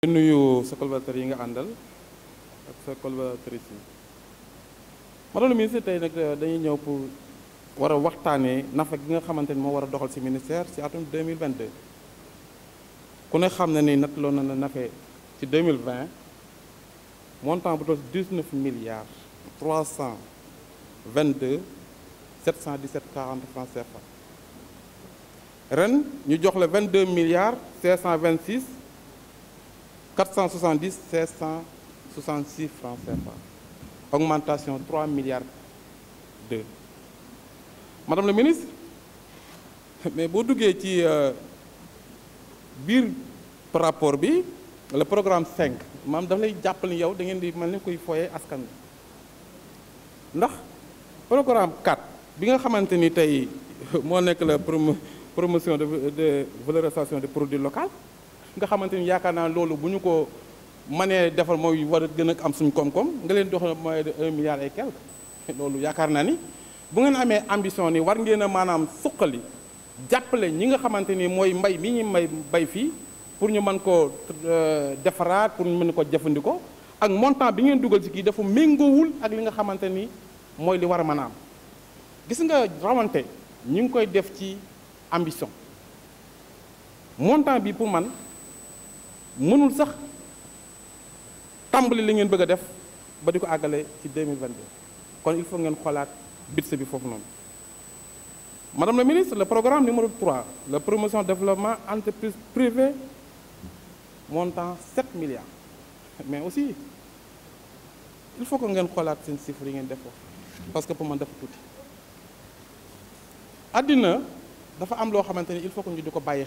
di nuyu sa collaborateur yi nga àndal ak sa collaboratrice yi madame le ministre tey nag euh, dañuy ñëw pour war a waxtaanee nafa gi nga xamante ni moo war a doxal ci ministère ci atum 2022 ku ne xam na ni nat loo na na nafe ci 2020 montant bu toll 19 milliards 322 717 40 francs CFA ren ñu jox la 22 milliards 526 470 666 francs CFA. Augmentation 3 milliards 2. Madame la ministre, mais si vous ci par euh, rapport le programme 5 je vous lay jàppale yow da ngeen di melni koy askan programme 4 bi nga avez tay mo la promotion de de valorisation des produits locaux nga xamante ni yaakaar naa loolu bu ñu ko mënee defal mooy war a gën a am suñ koom-koom nga leen doxal moyen de un milliard et loolu yaakaar naa ni bu ngeen amee ambition ni war ngeen a maanaam suqali jàppale ñi nga xamante ni mooy mbay mii ñuy may bay fii pour ñu mën ko euh, defaraat pour ñu mën ko jëfandikoo ak montant bi ngeen dugal ci kii dafa méngoowul ak li nga xamante ni mooy li war a man a am gis nga rawante ñu ngi koy def ci ambition montant bi pour man mënul sax tàmbali li ngeen bëgg a def ba di ko ci 2022 kon il faut ngeen xoolaat bits bi foofu noonu madame la ministre le programme numéro 3 la promotion développement entreprise privée montant 7 milliards mais aussi il faut que ngeen xoolaat seen chiffres yi ngeen parce que pour moi, dafa tout. adina dafa il faut que ñu di ko xel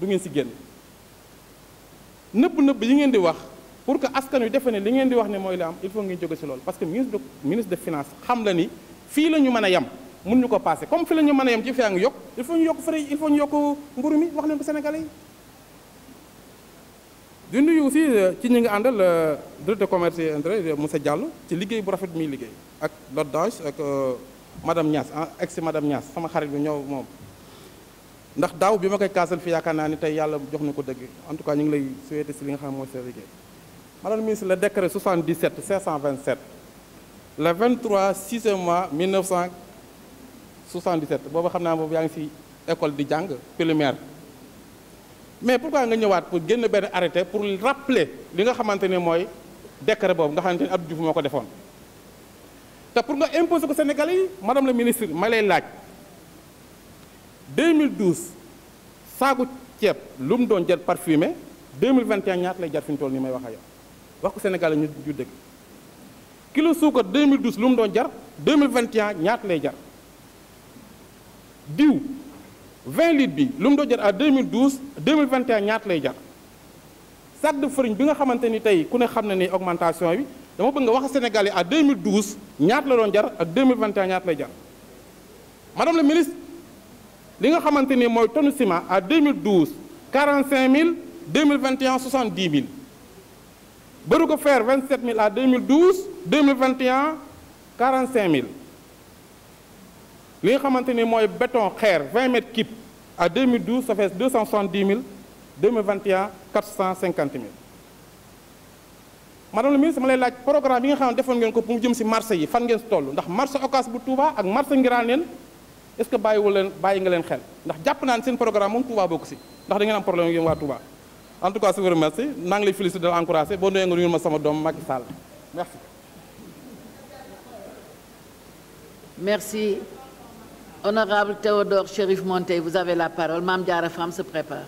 du ngeen si génn nëbb nëbb yi ngeen di wax pour que askan wi defe ne li ngeen di wax ne mooy la am il faut ngeen jóge si loolu parce que ministre de ministre de finance xam la ni fii la ñu mën a yem mun ñu ko passé comme fii la ñu mën a yem ci fee ngi yokk il faut ñu yokk frais il faut ñu yokk mburu mi wax leen ko sénégalais yi di nuyu aussi euh, ci ñi nga àndal euh, directeur commerce et intérieur monsieur Diallo ci liggéey bu rafet muy liggéey ak Loddange ak euh, madame Niass ah, ex madame Niass sama xarit bi ñëw moom ndax daaw en tout cas ñu ngi lay si li nga madame ministre le décret 77 527 le 23 6 mois 1977 école di mais pourquoi nga ñëwaat pour génn arrêté pour rappeler li nga xamante ne décret vous nga xamante Abdou pour imposer ko Sénégalais madame la ministre ma 2012 Sagu tiep lum mu doon parfumé 2021 ñaat lay jar fi toll ni may wax ak yow wax ko Sénégal ñu ñu dëgg kilo suukar 2012 lum mu doon jar 2021 ñaat lay jar diw 20 litres bi lum do jar à 2012 2021 ñaat lay jar sac de farine bi nga xamanteni ni ku ne xam na ni augmentation bi dama bëgg nga wax Sénégal à 2012 ñaat la doon jar ak 2021 ñaat lay jar madame la ministre. Les nga qui ont mooy ciment à 2012 45 000 2021 70 000 de fer 27 000 à 2012 2021 45 000 li nga xamante ni béton 20 mètres cubes à 2012 ça fait 270 000 2021 450 000. madame la ministre je lay laaj programme yi nga xam ne ngeen ko pour mu jëm marché Marseille, fan ngeen si ndax marché bu est-ce que bàyyiwul leen bàyyi nga leen xel ndax japp nan ne programme moom Touba bokk ndax da ngeen am problème yéen wa Touba en tout cas je vous remercie maa lay féliciter dala encouragé boo nuyee nga nuyul ma sama dom Macky Sall merci merci honorable Théodore Chérif Monté vous avez la parole mam Diara Fam se prépare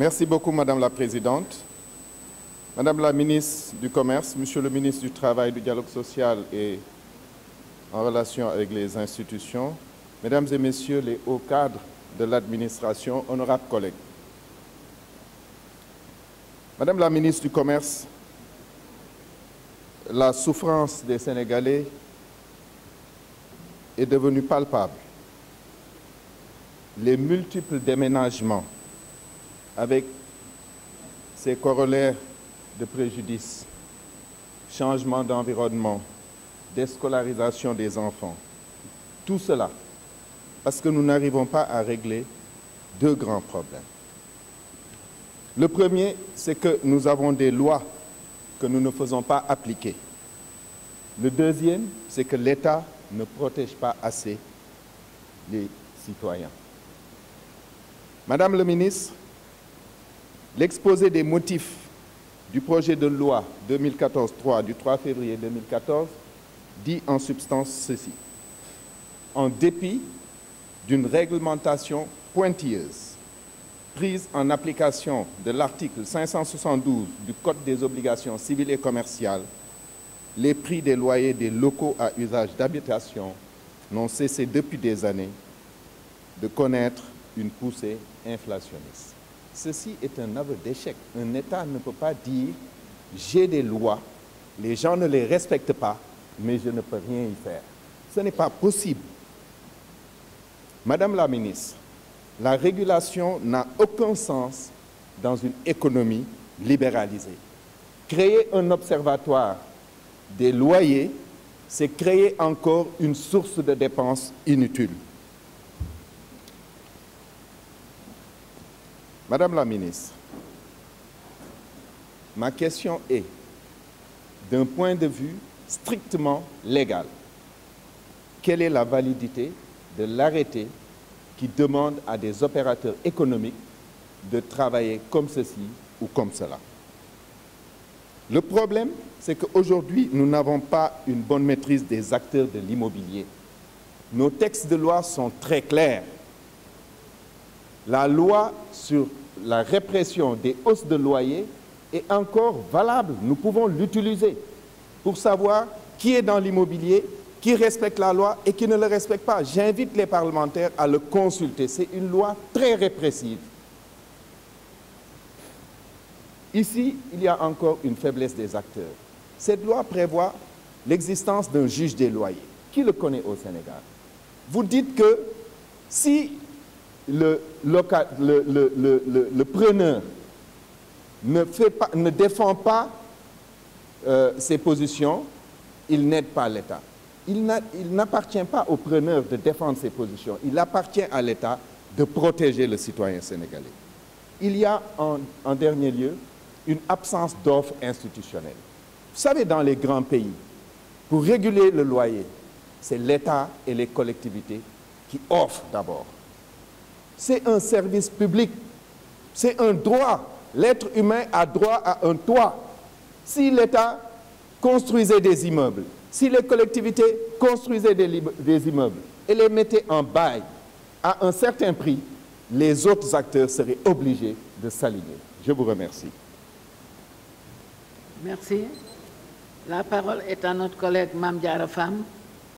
Merci beaucoup, Madame la Présidente. Madame la ministre du Commerce, Monsieur le ministre du Travail, du Dialogue social et en relation avec les institutions, Mesdames et Messieurs les hauts cadres de l'administration, honorables collègues. Madame la ministre du Commerce, la souffrance des Sénégalais est devenue palpable. Les multiples déménagements avec ses corollaires de préjudice, changement d'environnement, déscolarisation des enfants. Tout cela parce que nous n'arrivons pas à régler deux grands problèmes. Le premier, c'est que nous avons des lois que nous ne faisons pas appliquer. Le deuxième, c'est que l'État ne protège pas assez les citoyens. Madame le ministre, L'exposé des motifs du projet de loi 2014-3 du 3 février 2014 dit en substance ceci. En dépit d'une réglementation pointilleuse prise en application de l'article 572 du Code des obligations civiles et commerciales, les prix des loyers des locaux à usage d'habitation n'ont cessé depuis des années de connaître une poussée inflationniste. Ceci est un œuvre d'échec. Un État ne peut pas dire j'ai des lois, les gens ne les respectent pas, mais je ne peux rien y faire. Ce n'est pas possible. Madame la ministre, la régulation n'a aucun sens dans une économie libéralisée. Créer un observatoire des loyers, c'est créer encore une source de dépenses inutile. Madame la ministre, ma question est, d'un point de vue strictement légal, quelle est la validité de l'arrêté qui demande à des opérateurs économiques de travailler comme ceci ou comme cela Le problème, c'est qu'aujourd'hui, nous n'avons pas une bonne maîtrise des acteurs de l'immobilier. Nos textes de loi sont très clairs. La loi sur la répression des hausses de loyers est encore valable. Nous pouvons l'utiliser pour savoir qui est dans l'immobilier, qui respecte la loi et qui ne le respecte pas. J'invite les parlementaires à le consulter. C'est une loi très répressive. Ici, il y a encore une faiblesse des acteurs. Cette loi prévoit l'existence d'un juge des loyers. Qui le connaît au Sénégal Vous dites que si le, preneur ne, défend pas euh, ses positions, il n'aide pas l'État. Il n'appartient pas au preneur de défendre ses positions, il appartient à l'État de protéger le citoyen sénégalais. Il y a en, en dernier lieu une absence d'offres institutionnelle. Vous savez, dans les grands pays, pour réguler le loyer, c'est l'État et les collectivités qui offrent d'abord c'est un service public, c'est un droit. L'être humain a droit à un toit. Si l'État construisait des immeubles, si les collectivités construisaient des, immeubles et les mettaient en bail à un certain prix, les autres acteurs seraient obligés de s'aligner. Je vous remercie. Merci. La parole est à notre collègue Mamdiara Rafam.